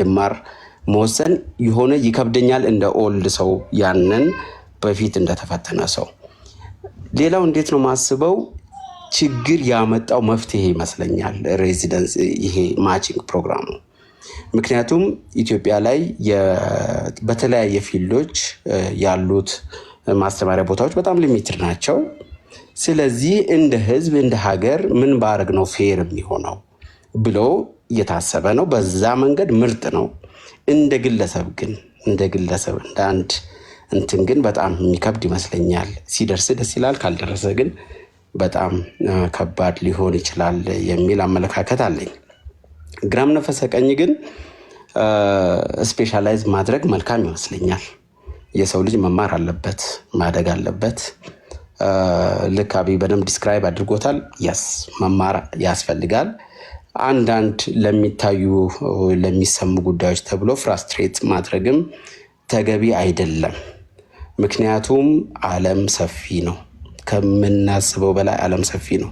ድማር መወሰን የሆነ ይከብደኛል፣ እንደ ኦልድ ሰው ያንን በፊት እንደተፈተነ ሰው። ሌላው እንዴት ነው ማስበው ችግር ያመጣው መፍትሄ ይመስለኛል ሬዚደንስ ይሄ ማቺንግ ፕሮግራሙ። ምክንያቱም ኢትዮጵያ ላይ በተለያየ ፊልዶች ያሉት ማስተማሪያ ቦታዎች በጣም ሊሚትድ ናቸው። ስለዚህ እንደ ህዝብ እንደ ሀገር ምን ባረግ ነው ፌር የሚሆነው ብሎ እየታሰበ ነው። በዛ መንገድ ምርጥ ነው። እንደ ግለሰብ ግን እንደ ግለሰብ እንደ አንድ እንትን ግን በጣም የሚከብድ ይመስለኛል። ሲደርስ ደስ ይላል፣ ካልደረሰ ግን በጣም ከባድ ሊሆን ይችላል የሚል አመለካከት አለኝ። ግራም ነፈሰ ቀኝ ግን ስፔሻላይዝ ማድረግ መልካም ይመስለኛል። የሰው ልጅ መማር አለበት፣ ማደግ አለበት። ልክ አብይ በደንብ ዲስክራይብ አድርጎታል። የስ መማር ያስፈልጋል። አንዳንድ ለሚታዩ ለሚሰሙ ጉዳዮች ተብሎ ፍራስትሬት ማድረግም ተገቢ አይደለም። ምክንያቱም ዓለም ሰፊ ነው። ከምናስበው በላይ ዓለም ሰፊ ነው።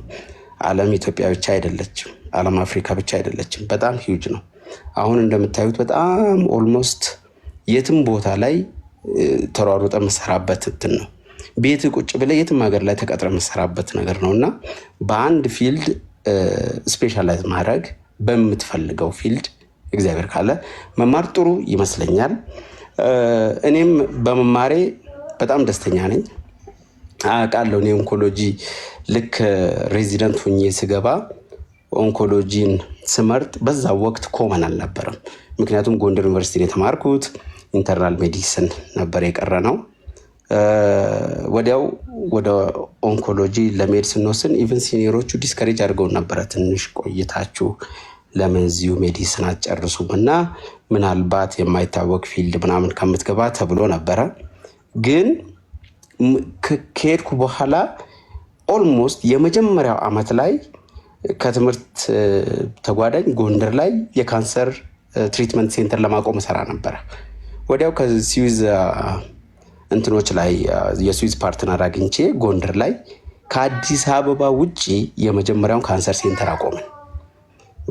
ዓለም ኢትዮጵያ ብቻ አይደለችም። ዓለም አፍሪካ ብቻ አይደለችም። በጣም ሂውጅ ነው። አሁን እንደምታዩት በጣም ኦልሞስት የትም ቦታ ላይ ተሯሩጠ መሰራበት እንትን ነው ቤት ቁጭ ብለ የትም ሀገር ላይ ተቀጥረ መሰራበት ነገር ነው እና በአንድ ፊልድ ስፔሻላይዝ ማድረግ በምትፈልገው ፊልድ እግዚአብሔር ካለ መማር ጥሩ ይመስለኛል። እኔም በመማሬ በጣም ደስተኛ ነኝ። አውቃለሁ እኔ ኦንኮሎጂ ልክ ሬዚደንት ሁኜ ስገባ ኦንኮሎጂን ስመርጥ በዛ ወቅት ኮመን አልነበረም። ምክንያቱም ጎንደር ዩኒቨርሲቲ የተማርኩት ኢንተርናል ሜዲሲን ነበር የቀረ ነው። ወዲያው ወደ ኦንኮሎጂ ለመሄድ ስንወስን ኢቨን ሲኒየሮቹ ዲስከሬጅ አድርገው ነበረ። ትንሽ ቆይታችሁ ለምን እዚሁ ሜዲስን አትጨርሱም እና ምናልባት የማይታወቅ ፊልድ ምናምን ከምትገባ ተብሎ ነበረ። ግን ከሄድኩ በኋላ ኦልሞስት የመጀመሪያው አመት ላይ ከትምህርት ተጓዳኝ ጎንደር ላይ የካንሰር ትሪትመንት ሴንተር ለማቆም እሰራ ነበረ። ወዲያው ከስዊዝ እንትኖች ላይ የስዊዝ ፓርትነር አግኝቼ ጎንደር ላይ ከአዲስ አበባ ውጭ የመጀመሪያውን ካንሰር ሴንተር አቆምን።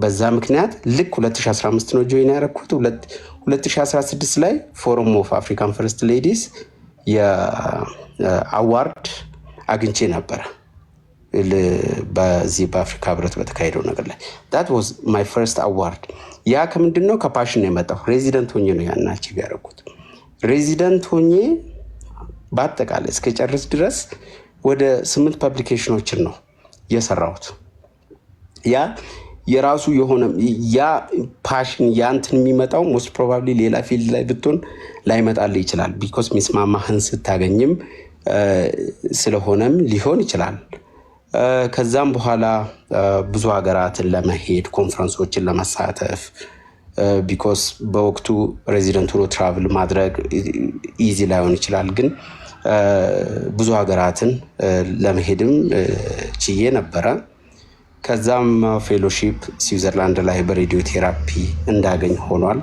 በዛ ምክንያት ልክ 2015 ነው ጆይን ያደረኩት። 2016 ላይ ፎረም ኦፍ አፍሪካን ፈርስት ሌዲስ የአዋርድ አግኝቼ ነበረ በዚህ በአፍሪካ ህብረት በተካሄደው ነገር ላይ ዳት ዋዝ ማይ ፈርስት አዋርድ። ያ ከምንድን ነው? ከፓሽን ነው የመጣው። ሬዚደንት ሆኜ ነው ያናቸው ያደረኩት ሬዚደንት ሆኜ በአጠቃላይ እስከጨርስ ድረስ ወደ ስምንት ፐብሊኬሽኖችን ነው የሰራሁት። ያ የራሱ የሆነ ያ ፓሽን ያንትን የሚመጣው ሞስት ፕሮባብሊ ሌላ ፊልድ ላይ ብትሆን ላይመጣል ይችላል። ቢኮስ ሚስማማህን ስታገኝም ስለሆነም ሊሆን ይችላል። ከዛም በኋላ ብዙ ሀገራትን ለመሄድ ኮንፈረንሶችን ለመሳተፍ ቢኮስ በወቅቱ ሬዚደንት ሆኖ ትራቭል ማድረግ ኢዚ ላይሆን ይችላል ግን ብዙ ሀገራትን ለመሄድም ችዬ ነበረ። ከዛም ፌሎሺፕ ስዊዘርላንድ ላይ በሬዲዮ ቴራፒ እንዳገኝ ሆኗል።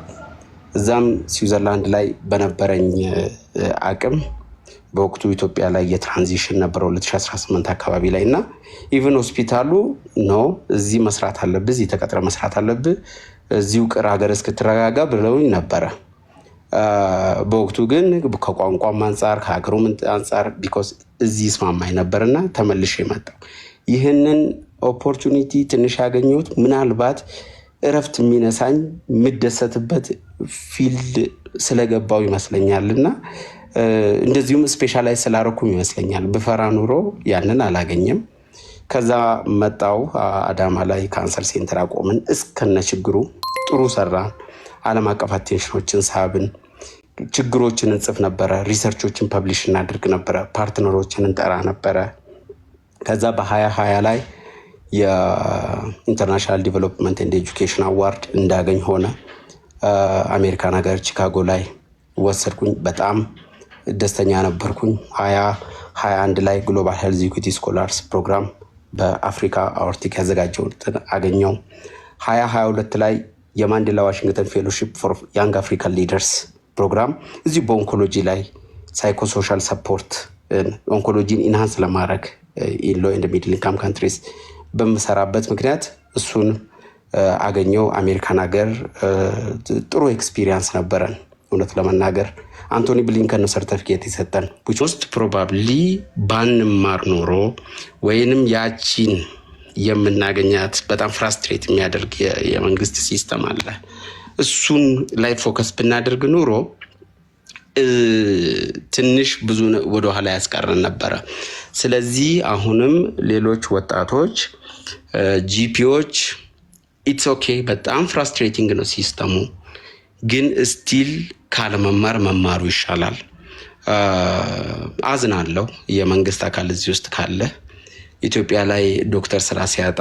እዛም ስዊዘርላንድ ላይ በነበረኝ አቅም በወቅቱ ኢትዮጵያ ላይ የትራንዚሽን ነበረ 2018 አካባቢ ላይ እና ኢቨን ሆስፒታሉ ኖ እዚህ መስራት አለብህ፣ እዚህ ተቀጥረ መስራት አለብህ፣ እዚሁ ቅር ሀገር እስክትረጋጋ ብለውኝ ነበረ። በወቅቱ ግን ከቋንቋም አንጻር ከሀገሩም አንጻር ቢኮዝ እዚህ ይስማማኝ ነበርና ተመልሼ የመጣው ይህንን ኦፖርቹኒቲ ትንሽ ያገኘሁት ምናልባት እረፍት የሚነሳኝ የምደሰትበት ፊልድ ስለገባው ይመስለኛል እና እንደዚሁም ስፔሻላይዝ ስላረኩም ይመስለኛል። ብፈራ ኑሮ ያንን አላገኘም። ከዛ መጣው አዳማ ላይ ካንሰር ሴንተር አቆምን። እስከነ ችግሩ ጥሩ ሰራን። አለም አቀፍ አቴንሽኖችን ሳብን። ችግሮችን እንጽፍ ነበረ፣ ሪሰርቾችን ፐብሊሽ እናድርግ ነበረ፣ ፓርትነሮችን እንጠራ ነበረ። ከዛ በሀያ ሀያ ላይ የኢንተርናሽናል ዲቨሎፕመንት ኤንድ ኤጁኬሽን አዋርድ እንዳገኝ ሆነ። አሜሪካን ሀገር ቺካጎ ላይ ወሰድኩኝ። በጣም ደስተኛ ነበርኩኝ። ሀያ ሀያ አንድ ላይ ግሎባል ሄልዝ ኢኩዊቲ ስኮላርስ ፕሮግራም በአፍሪካ አወርቲክ ያዘጋጀው አገኘው። ሀያ ሀያ ሁለት ላይ የማንዴላ ዋሽንግተን ፌሎሺፕ ፎር ያንግ አፍሪካን ሊደርስ ፕሮግራም እዚሁ በኦንኮሎጂ ላይ ሳይኮሶሻል ሰፖርት ኦንኮሎጂን ኢንሃንስ ለማድረግ ኢንሎ ኤንድ ሚድል ኢንካም ካንትሪስ በምሰራበት ምክንያት እሱን አገኘው። አሜሪካን ሀገር ጥሩ ኤክስፒሪየንስ ነበረን። እውነት ለመናገር አንቶኒ ብሊንከን ነው ሰርተፊኬት የሰጠን። ውስጥ ፕሮባብሊ ባንማር ኖሮ ወይንም ያቺን የምናገኛት በጣም ፍራስትሬት የሚያደርግ የመንግስት ሲስተም አለ እሱን ላይ ፎከስ ብናደርግ ኑሮ ትንሽ ብዙ ወደኋላ ያስቀረን ነበረ። ስለዚህ አሁንም ሌሎች ወጣቶች ጂፒዎች ኢትስ ኦኬ፣ በጣም ፍራስትሬቲንግ ነው ሲስተሙ፣ ግን ስቲል ካለመማር መማሩ ይሻላል። አዝናለሁ የመንግስት አካል እዚህ ውስጥ ካለ ኢትዮጵያ ላይ ዶክተር ስራ ሲያጣ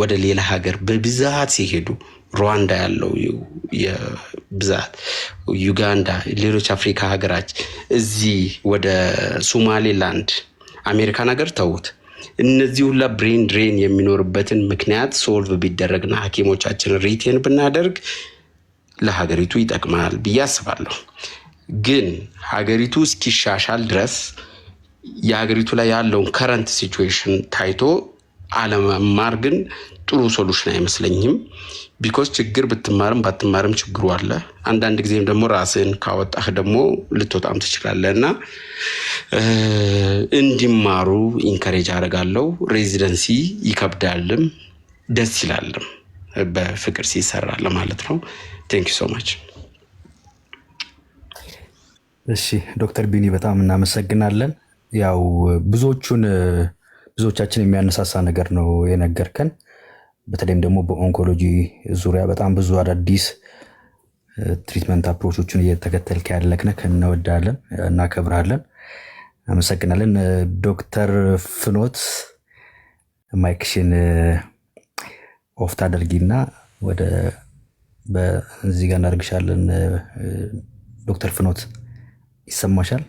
ወደ ሌላ ሀገር በብዛት ሲሄዱ ሩዋንዳ ያለው ብዛት፣ ዩጋንዳ፣ ሌሎች አፍሪካ ሀገራች እዚህ ወደ ሶማሌላንድ አሜሪካን ሀገር ተዉት። እነዚህ ሁላ ብሬን ድሬን የሚኖርበትን ምክንያት ሶልቭ ቢደረግና ሐኪሞቻችንን ሪቴን ብናደርግ ለሀገሪቱ ይጠቅማል ብዬ አስባለሁ። ግን ሀገሪቱ እስኪሻሻል ድረስ የሀገሪቱ ላይ ያለውን ከረንት ሲቹዌሽን ታይቶ አለመማር ግን ጥሩ ሶሉሽን አይመስለኝም። ቢኮስ ችግር ብትማርም ባትማርም ችግሩ አለ። አንዳንድ ጊዜም ደግሞ ራስህን ካወጣህ ደግሞ ልትወጣም ትችላለህ እና እንዲማሩ ኢንከሬጅ አደርጋለሁ። ሬዚደንሲ ይከብዳልም ደስ ይላልም በፍቅር ሲሰራ ለማለት ነው። ቴንክ ዩ ሶ ማች። እሺ ዶክተር ቢኒ በጣም እናመሰግናለን። ያው ብዙዎቹን ብዙዎቻችን የሚያነሳሳ ነገር ነው የነገርከን። በተለይም ደግሞ በኦንኮሎጂ ዙሪያ በጣም ብዙ አዳዲስ ትሪትመንት አፕሮቾችን እየተከተልክ ያለክነክ እንወዳለን፣ እናከብራለን፣ አመሰግናለን። ዶክተር ፍኖት ማይክሽን ኦፍ ታደርጊና ወደ በዚህ ጋር እናደርግሻለን። ዶክተር ፍኖት ይሰማሻል?